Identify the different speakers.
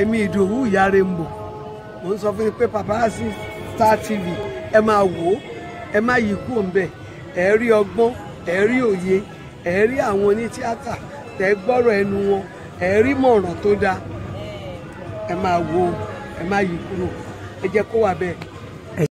Speaker 1: èmi ìdòwú ìyá rainbow mo ń sọ fún yín pé Paparazzi Star TV ẹ máa wò ó ẹ má yí kúrò ń bẹ̀ ẹ rí ọgbọ́n ẹ rí òye ẹ rí àwọn onítíátà tẹ gbọ́rọ̀ ẹnu wọn ẹ rí mọ̀ràn tó dáa ẹ máa wò ó ẹ má yí kúrò ẹ jẹ́ kó wà bẹ́ẹ̀.